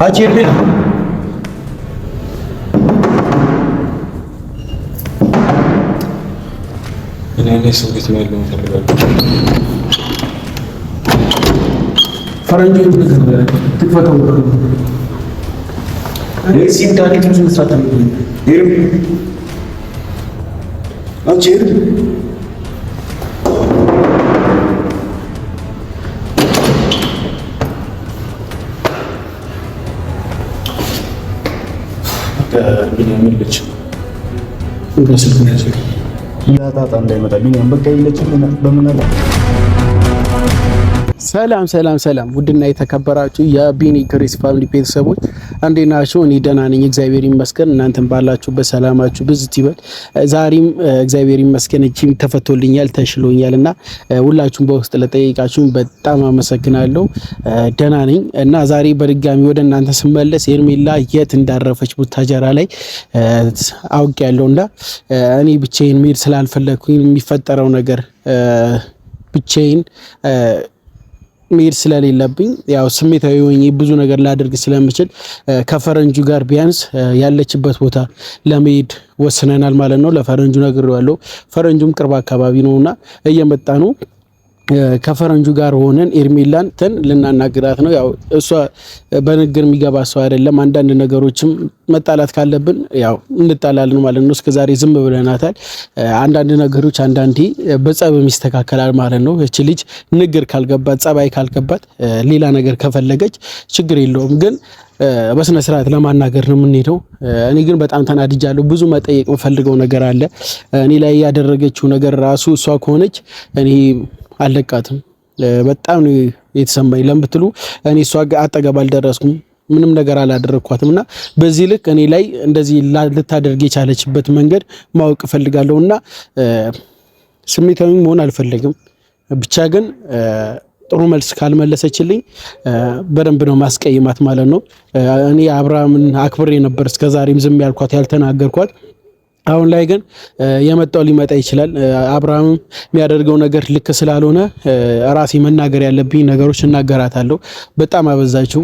Aç yirmi. Yine nasıl gitmeyelim ፈረንጆች ትክፈተው የዚህ ዳሪት ብዙ መስራት አለ ይርም አንቺ ይርም አለች። እንካ ስልክ ነው ያዘው። ያጣጣ እንዳይመጣብኝ በቃ የለችም። በምን ሰላም ሰላም ሰላም። ውድና የተከበራችሁ የቢኒ ግሬስ ፋሚሊ ቤተሰቦች እንዴት ናችሁ? እኔ ደህና ነኝ፣ እግዚአብሔር ይመስገን። እናንተም ባላችሁበት ሰላማችሁ ብዝት ይበል። ዛሬም እግዚአብሔር ይመስገን እጅም ተፈቶልኛል፣ ተሽሎኛል እና ሁላችሁም በውስጥ ለጠየቃችሁኝ በጣም አመሰግናለሁ። ደህና ነኝ እና ዛሬ በድጋሚ ወደ እናንተ ስመለስ ሄርሜላ የት እንዳረፈች ቡታጀራ ላይ አውቅ ያለው እና እኔ ብቻዬን መሄድ ስላልፈለግኩኝ የሚፈጠረው ነገር ብቻዬን መሄድ ስለሌለብኝ ያው ስሜታዊ ሆኜ ብዙ ነገር ላደርግ ስለምችል ከፈረንጁ ጋር ቢያንስ ያለችበት ቦታ ለመሄድ ወስነናል ማለት ነው። ለፈረንጁ ነግሬዋለሁ። ፈረንጁም ቅርብ አካባቢ ነውና እየመጣ ነው። ከፈረንጁ ጋር ሆነን ኤርሜላን ትን ልናናግራት ነው። ያው እሷ በንግግር የሚገባ ሰው አይደለም። አንዳንድ ነገሮችም መጣላት ካለብን ያው እንጣላለን ማለት ነው። እስከዛሬ ዝም ብለናታል። አንዳንድ ነገሮች አንዳንዴ በጸብም ይስተካከላል ማለት ነው። እች ልጅ ንግር ካልገባት፣ ጸባይ ካልገባት፣ ሌላ ነገር ከፈለገች ችግር የለውም ግን በስነ ስርዓት ለማናገር ነው የምንሄደው። እኔ ግን በጣም ተናድጃለሁ። ብዙ መጠየቅ የምፈልገው ነገር አለ። እኔ ላይ ያደረገችው ነገር ራሱ እሷ ከሆነች እኔ አልለቃትም። በጣም ነው የተሰማኝ ለምትሉ እኔ እሷ ጋር አጠገብ አልደረስኩም፣ ምንም ነገር አላደረግኳትም እና በዚህ ልክ እኔ ላይ እንደዚህ ልታደርግ የቻለችበት መንገድ ማወቅ እፈልጋለሁ እና ስሜታዊ መሆን አልፈለግም። ብቻ ግን ጥሩ መልስ ካልመለሰችልኝ በደንብ ነው ማስቀይማት ማለት ነው። እኔ አብርሃምን አክብሬ ነበር እስከዛሬም ዝም ያልኳት ያልተናገርኳት አሁን ላይ ግን የመጣው ሊመጣ ይችላል። አብርሃም የሚያደርገው ነገር ልክ ስላልሆነ ራሴ መናገር ያለብኝ ነገሮች እናገራታለሁ። በጣም አበዛችው፣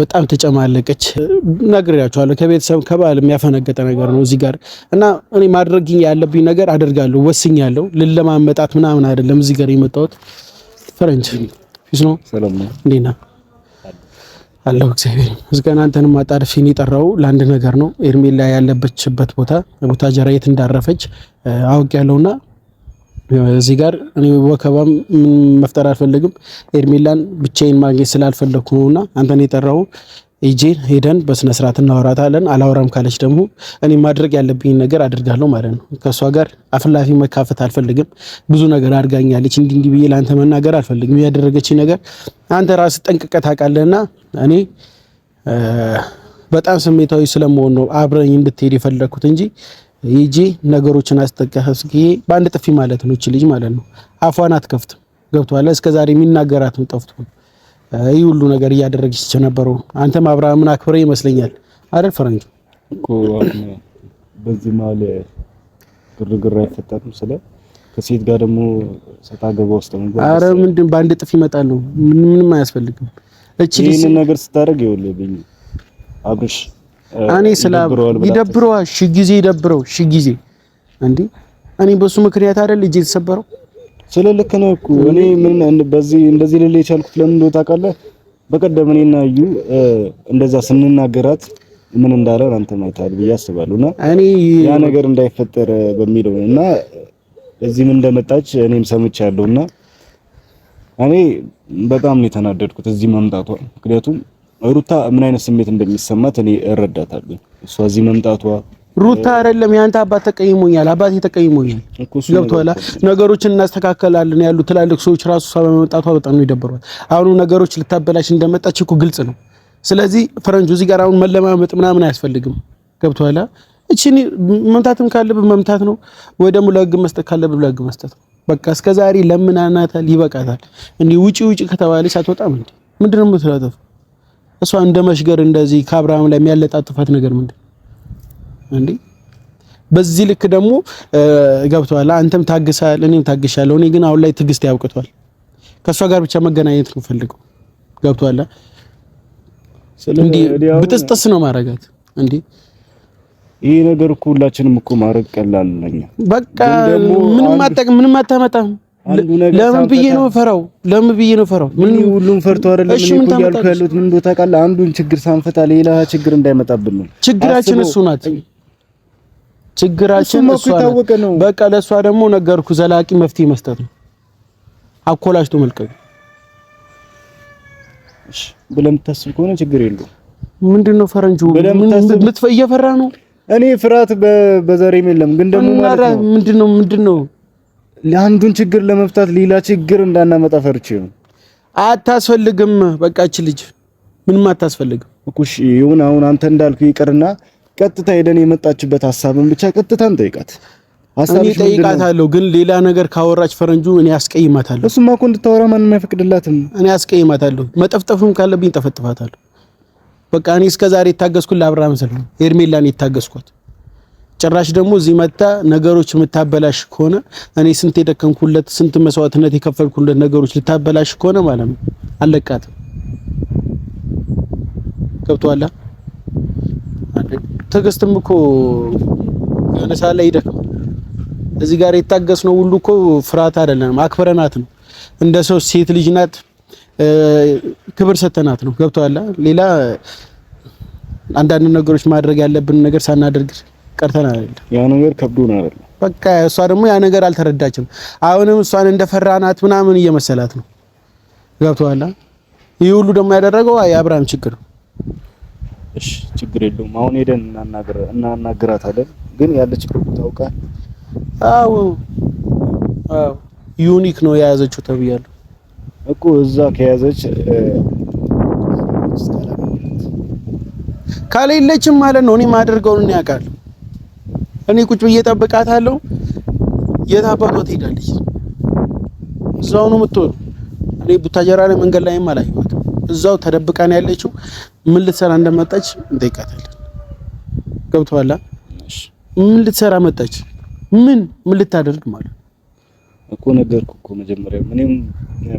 በጣም ተጨማለቀች። ነግሬያቸዋለሁ። ከቤተሰብ ከባል የሚያፈነገጠ ነገር ነው እዚህ ጋር እና እኔ ማድረግ ያለብኝ ነገር አደርጋለሁ። ወስኛለሁ። ልለማመጣት ምናምን አይደለም እዚህ ጋር የመጣሁት። ፈረንጅ ፊስ ነው። እንዴት ነህ? አለው እግዚአብሔር ይመስገን። አንተንም አጣድፊን የጠራው ለአንድ ነገር ነው። ኤርሜላ ያለበችበት ቦታ ቦታ ጀራየት እንዳረፈች አውቅ ያለውና እዚህ ጋር እኔ ወከባም መፍጠር አልፈልግም። ኤርሜላን ብቻዬን ማግኘት ስላልፈለግኩ ነውና አንተን የጠራው ሄጄ ሄደን በስነ ስርዓት እናወራታለን። አላወራም ካለች ደግሞ እኔ ማድረግ ያለብኝ ነገር አድርጋለሁ ማለት ነው። ከእሷ ጋር አፍላፊ መካፈት አልፈልግም። ብዙ ነገር አድርጋኛለች፣ እንዲህ እንዲህ ብዬ ለአንተ መናገር አልፈልግም። ያደረገች ነገር አንተ ራስህ ጠንቅቀህ ታውቃለህና እኔ በጣም ስሜታዊ ስለመሆን ነው አብረኝ እንድትሄድ የፈለግኩት እንጂ ይጂ ነገሮችን አስጠቀስ በአንድ ጥፊ ማለት ነው። ልጅ ማለት ነው አፏን አትከፍትም። ገብቶሃል? እስከዛሬ የሚናገራትም ጠፍቶ ይህ ሁሉ ነገር እያደረገች ነበሩ። አንተም አብርሃምን አክብረ ይመስለኛል አይደል? ፈረንጅ እኮ በዚህ መሀል ግርግር አይፈጠርም። ስለ ከሴት ጋር ደግሞ ሰጣ ገባ ውስጥ ነው። አረ ምንድን በአንድ ጥፍ ይመጣል ይመጣሉ። ምንም አያስፈልግም። እቺ ይህንን ነገር ስታደርግ ይወለብኝ አብርሽ እኔ ስለ ይደብረዋል። ሺ ጊዜ ይደብረው ሺ ጊዜ እንዴ እኔ በሱ ምክንያት አይደል ልጅ የተሰበረው ስለ ልክ ነው እኮ እኔ ምን በዚህ እንደዚህ ልል የቻልኩት ለምን እንደው ታውቃለህ? በቀደም እኔና እዩ እንደዛ ስንናገራት ምን እንዳለ አንተ ማይታል ብዬ አስባለሁ። እና እኔ ያ ነገር እንዳይፈጠር በሚለው እና እዚህ ምን እንደመጣች እኔም ሰምቻለሁ። እና እኔ በጣም ነው የተናደድኩት እዚህ መምጣቷ። ምክንያቱም ሩታ ምን አይነት ስሜት እንደሚሰማት እኔ እረዳታለሁ። እሷ እዚህ መምጣቷ ሩታ አይደለም ያንተ አባት ተቀይሞኛል፣ አባቴ ተቀይሞኛል። ገብቶሃል? ነገሮችን እናስተካከላለን ያሉ ትላልቅ ሰዎች ራሱ እሷ በመምጣቷ በጣም ነው ይደብሯል። አሁኑ ነገሮች ልታበላሽ እንደመጣች እኮ ግልጽ ነው። ስለዚህ ፈረንጁ እዚህ ጋር አሁን መለማመጥ ምናምን አያስፈልግም። ገብቶሃል? እቺን መምታትም ካለብህ መምታት ነው ወይ ደግሞ ለህግ መስጠት ካለብህ ለህግ መስጠት ነው። በቃ እስከ ዛሬ ለምናናታል፣ ይበቃታል። እንዲህ ውጪ ውጪ ከተባለች አትወጣም። እንዴ ምንድነው የምትላጠፍ እሷ? እንደ መሽገር እንደዚህ ከአብርሃም ላይ የሚያለጣጥፋት ነገር ምንድን እንዴ በዚህ ልክ ደግሞ ገብቷል። አንተም ታግሳል፣ እኔም ታግሻለሁ። እኔ ግን አሁን ላይ ትግስት ያብቅቷል። ከእሷ ጋር ብቻ መገናኘት ነው ፈልገው። ገብቷል። እንዲህ ብጥስጥስ ነው ማረጋት እንዴ ይህ ነገር እኮ ሁላችንም እኮ ማድረግ ቀላል ለኛ። በቃ ምንም አጠቅ ምንም አታመጣም። ለምን ብዬ ነው ፈራው? ለምን ብዬ ነው ፈራው? ምን ሁሉም ፈርቶ አይደለም ምን እያልኩ ያሉት ምን ቦታ ቃል አንዱን ችግር ሳንፈታ ሌላ ችግር እንዳይመጣብን ነው ችግራችን። እሱ ናት ችግራችን እሷ ነው። በቃ ለእሷ ደግሞ ነገርኩ፣ ዘላቂ መፍትሄ መስጠት ነው፣ አኮላሽቶ መልቀቅ እሺ ብለህ የምታስብ ከሆነ ችግር የለውም። ምንድን ነው ፈረንጁ እየፈራ ነው። እኔ ፍርሃት በዘሬም የለም፣ ግን ደግሞ ማለት ነው ምንድን ነው ምንድን ነው ለአንዱን ችግር ለመፍታት ሌላ ችግር እንዳናመጣ ፈርቼ ነው። አታስፈልግም፣ በቃ እች ልጅ ምንም አታስፈልግም እኩሽ ይሁን፣ አሁን አንተ እንዳልኩ ይቅርና ቀጥታ ሄደን የመጣችበት ሀሳብን ብቻ ቀጥታ እንጠይቃት። እኔ ጠይቃታለሁ፣ ግን ሌላ ነገር ካወራች ፈረንጁ እኔ አስቀይማታለሁ። እሱማ እኮ እንድታወራ ማንም አይፈቅድላትም። እኔ አስቀይማታለሁ። መጠፍጠፍም ካለብኝ ጠፈጥፋታለሁ። በቃ እኔ እስከ ዛሬ የታገስኩት ለአብራ ምስል ነው፣ ሄርሜላን የታገስኳት። ጭራሽ ደግሞ እዚህ መታ ነገሮች የምታበላሽ ከሆነ እኔ ስንት የደከምኩለት ስንት መስዋዕትነት የከፈልኩለት ነገሮች ልታበላሽ ከሆነ ማለት ነው አለቃትም። አለብን። ትዕግስትም እኮ የሆነ ሰዓት ላይ ይደክማል። እዚህ ጋር የታገስነው ሁሉ እኮ ፍርሃት አይደለም፣ አክብረናት ነው። እንደ ሰው ሴት ልጅ ናት፣ ክብር ሰተናት ነው። ገብቶሃል? ሌላ አንዳንድ ነገሮች ማድረግ ያለብን ነገር ሳናደርግ ቀርተን አይደለም። ያ ነገር ከብዶን አይደለም። በቃ እሷ ደግሞ ያ ነገር አልተረዳችም። አሁንም እሷን እንደፈራናት ምናምን እየመሰላት ነው። ገብቶሃል? ይህ ሁሉ ደግሞ ያደረገው የአብርሃም ችግር ነው። እሺ ችግር የለውም አሁን ሄደን እናናገር እናናግራታለን። ግን ያለችበት ቦታ አውቃ? አዎ አዎ ዩኒክ ነው የያዘችው ተብያለሁ እኮ እዛ ከያዘች ካሌለችም ማለት ነው። እኔ ማደርገውን እኔ አውቃለሁ። እኔ ቁጭ ብዬ እጠብቃታለሁ። የታባቷ ትሄዳለች። እዛው ነው የምትሆነው። እኔ ቡታጀራ ላይ መንገድ ላይም አላየኋትም። እዛው ተደብቃን ያለችው ምን ልትሰራ እንደመጣች እንጠይቃታለን። ገብቶሃል? ምን ልትሰራ መጣች? ምን ምን ልታደርግ ማለት እኮ ነገርኩ እኮ መጀመሪያ። እኔም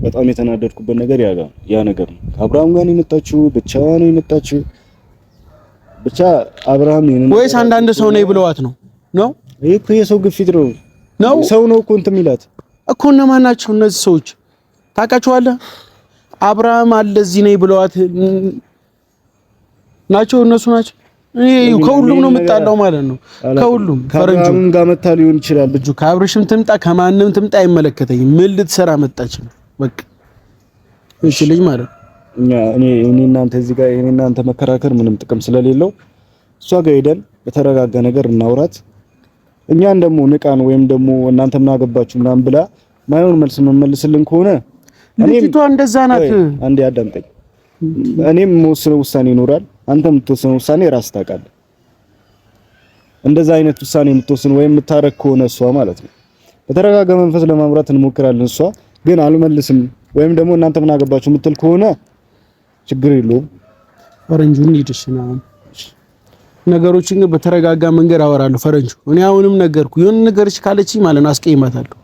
በጣም የተናደድኩበት ነገር ያ ያ ነገር ነው። ከአብርሃም ጋር ነው የመጣችው? ብቻዋን ነው የመጣችው? ብቻ አብርሃም ነው ወይስ አንዳንድ ሰው ነው ብለዋት ነው ነው? ይሄ እኮ የሰው ግፊት ነው ነው ሰው ነው እኮ እንትን የሚላት እኮ እነማን ናቸው እነዚህ ሰዎች ታውቃቸዋለህ? አብርሃም አለ እዚህ ነኝ ብለዋት ናቸው እነሱ ናቸው። እኔ ከሁሉም ነው የምጣላው ማለት ነው። ከሁሉም ፈረንጁም ጋር መታ ሊሆን ይችላል። ልጁ ከአብርሽም ትምጣ ከማንም ትምጣ አይመለከተኝም። ምን ልትሰራ መጣች ነው በቃ እሺ ልጅ ማለት እኛ እኔ እኔ እናንተ እዚህ ጋር እኔ እናንተ መከራከር ምንም ጥቅም ስለሌለው እሷ ጋር ሄደን በተረጋጋ ነገር እናውራት። እኛን ደግሞ ንቃን ወይም ደግሞ እናንተ ምን አገባችሁ ምናምን ብላ ማይሆን መልስ መመልስልን ከሆነ ልጅቷ እንደዛ ናት። አንዴ አዳምጠኝ። እኔም የምወስነው ውሳኔ ይኖራል፣ አንተም የምትወስነው ውሳኔ ራስ ታውቃለህ። እንደዛ አይነት ውሳኔ የምትወስን ወይም የምታረግ ከሆነ እሷ ማለት ነው በተረጋጋ መንፈስ ለማምራት እንሞክራለን። እሷ ግን አልመልስም ወይም ደግሞ እናንተ ምን አገባችሁ የምትል ከሆነ ችግር የለውም። ፈረንጁ እንሂድሽ ነገሮችን ግን በተረጋጋ መንገድ አወራለሁ። ፈረንጁ እኔ አሁንም ነገርኩ የሆነ ነገርሽ ካለች ማለት ነው አስቀይማታለሁ።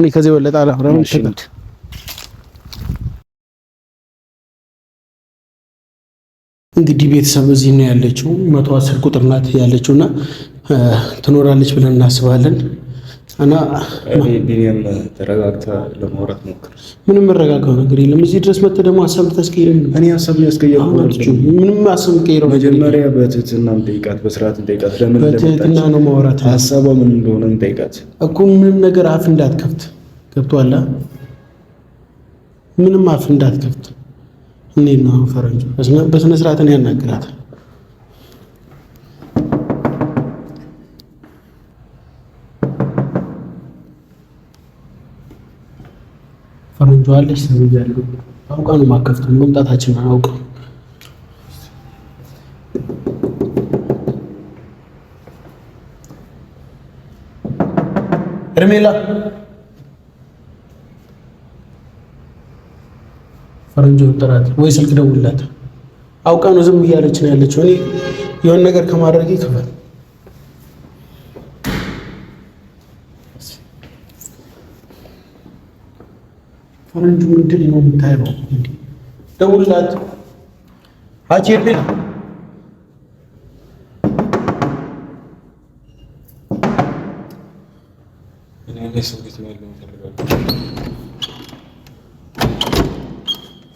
እኔ ከዚህ በለጠ አላወራም። እንግዲህ ቤተሰብ እዚህ ነው ያለችው። መቶ አስር ቁጥር ናት ያለችው እና ትኖራለች ብለን እናስባለን። እና ተረጋግተህ ለማውራት ሞክር። ምንም መረጋጋው ነገር የለም። እዚህ ድረስ መጥተህ ደግሞ ሀሳብ ልታስቀይረኝ እኔ ሀሳብ ያስቀየረ ምንም ሀሳብ ቀይረው። መጀመሪያ በትህትና እንጠይቃት፣ በስርዓት እንጠይቃት። ለምን በትህትና ነው ማውራት? ሀሳቧ ምን እንደሆነ እንጠይቃት እኮ ምንም ነገር አፍ እንዳትከፍት ገብቶሃል? ምንም አፍ እንዳትከፍት። እኔ ነው ፈረንጅ? በስነ ስርዓት ነው ያናግራት። ፈረንጇ አለች ተብያለሁ። አውቃ ነው ማከፍቱ መምጣታችን አውቃ ርሜላ። ፈረንጆ ጥራት ወይ ስልክ ደውላት። አውቃ ነው ዝም እያለች ነው ያለችው። እኔ የሆነ ነገር ከማድረግ ይከፋል። ፈረንጁ ምንድን ነው የምታየው? ደውላት ሀቼቤ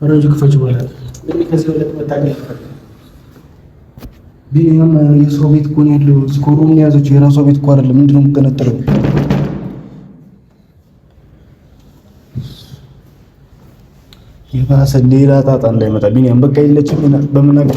ፈረንጅ ክፈች ከዚህ ቢኒያም የሰው ቤት እኮ ነው ያለው። እዚህ ምን ያዘች? የራሷ ቤት እኮ አይደለም። ምንድን ነው የምትቀነጥለው? የባሰ ሌላ ጣጣ እንዳይመጣ ቢኒያም በቃ የለችም በምናገር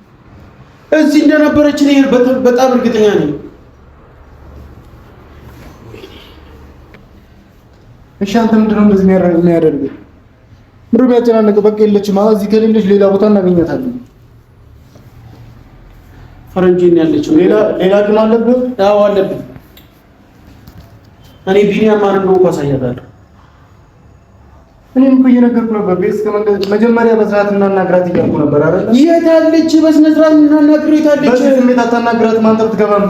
እዚህ እንደነበረች እኔ በጣም እርግጠኛ ነኝ። እሺ አንተ ምንድን ነው እንደዚህ የሚያደርገው? ምሩ ቢያጨናንቅ በቃ የለችም። አሁን እዚህ ከሌለች ሌላ ቦታ እናገኛታለን። ፈረንጂን ያለችው ሌላ ሌላ ግን አለብህ? አዎ አለብህ። እኔ ቢኒያም ማን ነው እኮ አሳያታለሁ እኔም እኮ እየነገርኩ ነበር። ቤት መጀመሪያ በስርዓት እናናግራት እያልኩ ነበር አይደል? የት አለች? በስነ ስርዓት እናናግራት። የት አለች? በዚህ ስሜት አታናግራትም። አንተ ብትገባም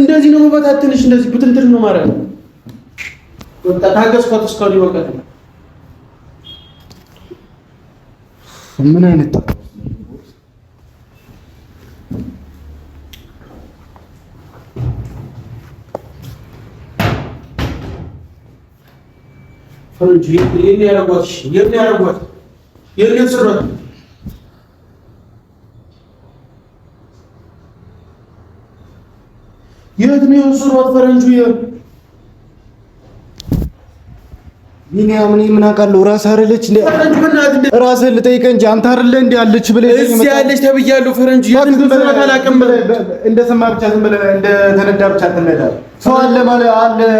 እንደዚህ ነው መበታተንሽ። እንደዚህ ብትንትር ነው ማለት ነው። ታገስኳት እስካሁን ይወቀት ምን አይነት ፈረንጅ የሚያረጓት የሚያረጓት የሚያስሯት የት ነው የወሰዷት? ፈረንጁ ቢኒያም፣ እኔ ምን አውቃለሁ? ራስህ አይደለች እንዴ? ራስህን ልጠይቅህ እንጂ አንተ አይደለህ እንዴ አለች ብለህ እዚህ ያለች ተብያለሁ። ፈረንጁ እንደሰማህ ብቻ ዝም ብለህ እንደተነዳ ብቻ ትነዳ። ሰው አለ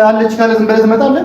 አለች ካለ ዝም ብለህ ትመጣለህ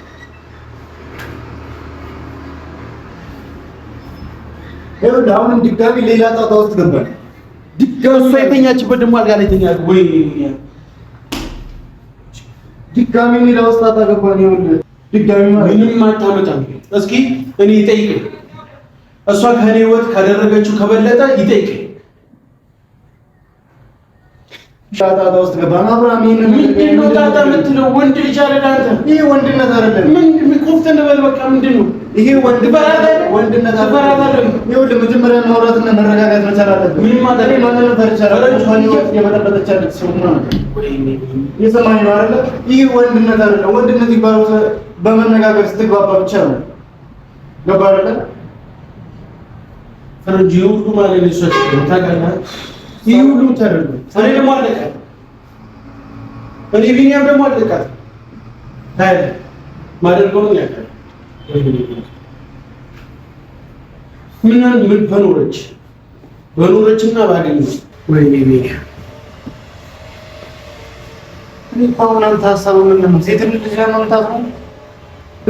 ይኸውልህ አሁንም ድጋሚ ሌላ ጣጣ ውስጥ ገባል። ድጋሚ እሷ የተኛችበት ደግሞ አልጋ ላይ ተኛ ወይ ድጋሚ ሌላ ውስጥ ጣጣ ገባን። ይኸውልህ ድጋሚ ምንም አታመጣም። እስኪ እኔ ይጠይቅ እሷ ከእኔ ህይወት ካደረገችው ከበለጠ ይጠይቅህ። ጣጣ ውስጥ ገባ አብራም ይሄንን ምንድን ነው ጣጣ የምትለው? ወንድ ልጅ አይደል አንተ? ይሄ ወንድነት አይደለም። ኮፍተ እንበል በቃ ምንድን ነው ይሄ ወንድ በራዳ መጀመሪያ ማውራትና መረጋጋት መቻል አለብህ። ምን ማለት ነው? ይሄ ወንድነት አይደለ። ወንድነት ይባለው በመነጋገር ስትግባባ ብቻ ነው። ገባህ አይደለ? ፍርጅ ሁሉ ማለት ነው ሰው ታውቃለህ። ይሄ ሁሉ ተደርጎ እኔ ደግሞ አለቀ እኔ ቢኒያም ደግሞ አለቀ ታዲያ ማደርገውን ያውቃል። ምን ምን በኖረች በኖረችና ባገኘ ወይ ቤት አሁን አንተ ሀሳቡ ምንድን ነው? ሴት ልጅ ለማምጣት ነው?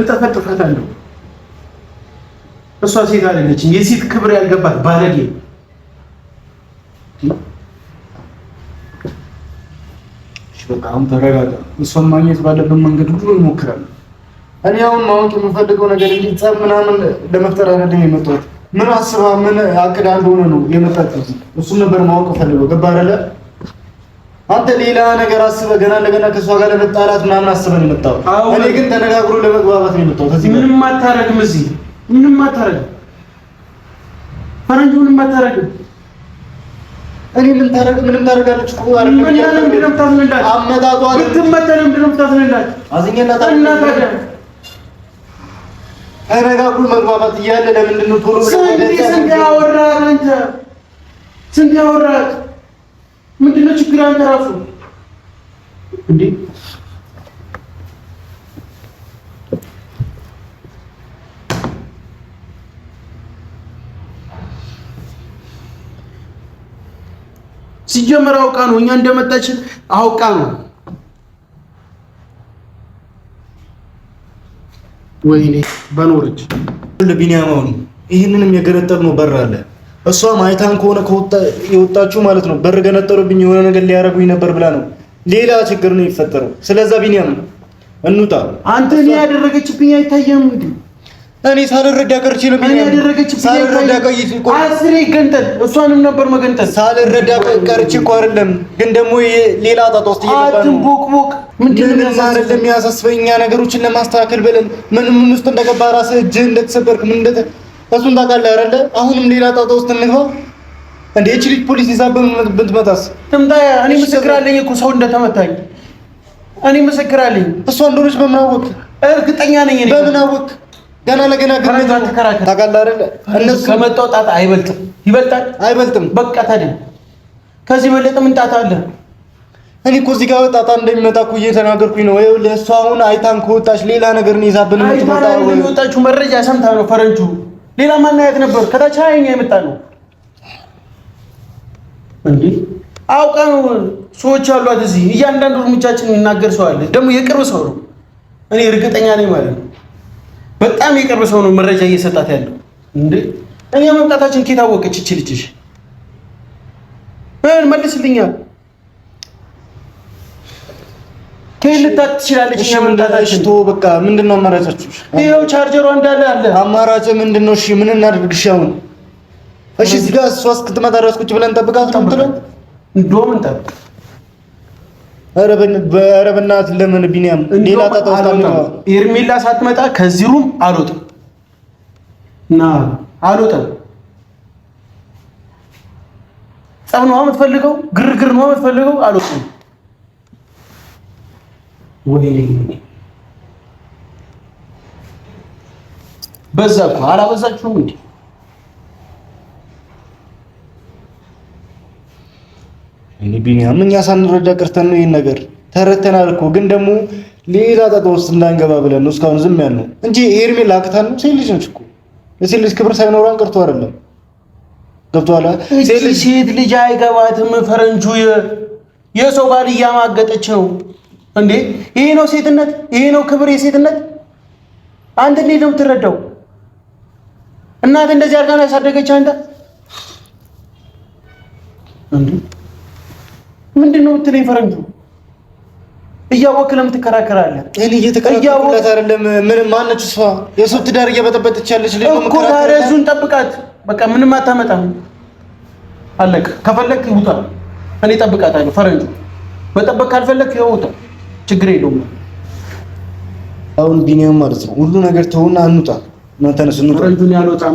እጠፈጥፋታለሁ። እሷ ሴት አይደለች። የሴት ክብር ያልገባት ባለጌ በጣም ተረጋጋ። እሷን ማግኘት ባለብን መንገድ ሁሉ እንሞክራለን። እኔ አሁን ማወቅ የምፈልገው ነገር እንጂ ጸብ ምናምን ለመፍጠር አይደለም የመጣሁት። ምን አስባ ምን አቅዳ እንደሆነ ነው የመጣችው። እሱን ነበር ማወቅ ፈልገው ገባ አይደለ? አንተ ሌላ ነገር አስበ ገና እንደገና ከእሷ ጋር ለመጣላት ምናምን አስበን ነው የመጣው። እኔ ግን ተነጋግሮ ለመግባባት ነው የመጣው። እዚህ ምንም አታረግም፣ እዚህ ምንም አታረግም፣ ፈረንጅ ምንም አታረግም። እኔ ምን ታረግ ምንም ታረጋለች እኮ አይደለም። ምን ያለ ምንም ታዝነዳል። አመጣጧ ግን ትመተንም ድረም ታዝነዳል። አዝኛና ታዝነዳል ተረጋጉን መግባባት እያለ ለምንድን ነው ቶሎ ስንት ያወራህ? ምንድን ነው ችግር? አንተ ራሱ እንዴ ሲጀመር አውቃ ነው እኛ እንደመጣችን አውቃ ነው። ወይኔ በኖርች ቢኒያማውን ይህንንም ነው በር አለ። እሷ ማይታን ከሆነ የወጣችሁ ማለት ነው። በር ገነጠሉብኝ፣ የሆነ ነገር ሊያደርጉኝ ነበር ብላ ነው። ሌላ ችግር ነው የፈጠረው። ስለዛ ቢኒያም እንውጣ። አንተ እኔ ያደረገችብኝ አይታየም እንግዲህ እኔ ሳልረዳ ቀርቼ ነው ሳልረዳ እኮ አስሬ ገንጠል እሷንም ነበር መገንጠል ሳልረዳ ቀርቼ እኮ አይደለም። ግን ደግሞ ሌላ ጣጣ ውስጥ የሚያሳስበኛ ነገሮችን ለማስተካከል ብለን ምን ምን ውስጥ እንደገባ ራስ እጅ እንደተሰበርክ ምን እንደተ እሱን ታውቃለህ አይደለ? አሁንም ሌላ ጣጣ ውስጥ እንግባ እንዴ? እቺ ልጅ ፖሊስ ይዛ ብትመጣስ? ትምጣ። እኔ ምስክር አለኝ እኮ ሰው እንደተመታኝ እኔ ምስክር አለኝ። እሷ እንደሆነች በምን አወቅህ? እርግጠኛ ነኝ። በምን አወቅህ? ገና ለገና ግን ታውቃለህ አይደል? እነሱ ከመጣው ጣጣ አይበልጥም፣ ይበልጣል፣ አይበልጥም። በቃ ታዲያ ከዚህ በለጠ ምን ጣጣ አለ? እኔ እኮ እዚህ ጋር ጣጣ እንደሚመጣ እኮ እየተናገርኩኝ ነው። ይኸውልህ እሷ አሁን አይታን ከወጣች ሌላ ነገር ነው ይዛብን የምትመጣው። መረጃ ሰምታ ነው ፈረንጁ። ሌላ ማናያት ነበር ከታች ሀያኛ የመጣ ነው እንዴ? አውቃ ነው ሰዎች አሏት እዚህ። እያንዳንዱ እርምጃችን የሚናገር ሰው አለ፣ ደግሞ የቅርብ ሰው ነው። እኔ እርግጠኛ ነኝ ማለት ነው በጣም የቀረ ሰው ነው መረጃ እየሰጣት ያለው። እንዴ እኛ መምጣታችን ከታወቀች እቺ ልጅሽ ምን መልስልኛል? ከልታት ትችላለች። እኛ መምጣታችን ቶ በቃ ምንድነው አማራጫችሁ? ይሄው ቻርጀሩ እንዳለ አለ። አማራጭ ምንድነው? እሺ ምን እናድርግ? እሺ አሁን እሺ እዚህ ጋር እሷ እስክትመጣ ድረስ ቁጭ ብለን እንጠብቃት ነው የምትለው? እንደውም እንጠብቅ ኧረ በእናትህ ለምን ቢኒያም ሌላ ጣጣ ውስጥ ኤርሜላ ሳትመጣ ከዚህ ሩም አልወጣም እና አልወጣም። ጸብ ነው የምትፈልገው፣ ግርግር ነው የምትፈልገው። አልወጣም ወይ በዛ እኮ አላበዛችሁም እንዴ? እኔ ቢኒያም እኛ ሳንረዳ ቅርተን ነው ይሄን ነገር ተረተናል እኮ ግን ደግሞ ሌላ ጣጣ ውስጥ እንዳንገባ ብለን ነው እስካሁን ዝም ያልነው እንጂ ሄርሜላ አቅታን ነው ሴት ልጅ ነች እኮ ለሴት ልጅ ክብር ሳይኖራን ቀርቶ አይደለም ገብቶሃል ሴት ልጅ አይገባትም ፈረንጁ የሰው ባል እያማገጠች ነው እንዴ ይሄ ነው ሴትነት ይሄ ነው ክብር የሴትነት አንተ እንዴት ነው የምትረዳው እናት እንደዚህ አድርጋ ነው ያሳደገች አንተ ምንድን ነው የምትለኝ? ፈረንጁ እያወክ ለምን ትከራከራለህ? እኔ እየተከራከርኩላት አይደለም። ምን ማነች እሷ? የእሱ ትዳር እየበጠበጠች ያለች ልጅ እኮ። ታዲያ እሱን ጠብቃት። በቃ ምንም አታመጣም። አለቅ። ከፈለክ ውጣ። እኔ ጠብቃታለሁ። ፈረንጁ መጠበቅ ካልፈለክ ይኸው ውጣ። ችግር የለውም። አሁን ቢኒያም ማለት ነው ሁሉ ነገር ተውና እንውጣ። ተነስ እንውጣ። ፈረንጁን ያልወጣም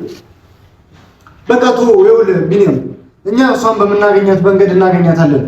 በቃ ጥሩ። ይኸውልህ ቢኒያም፣ እኛ እሷን በምናገኛት መንገድ እናገኛታለን።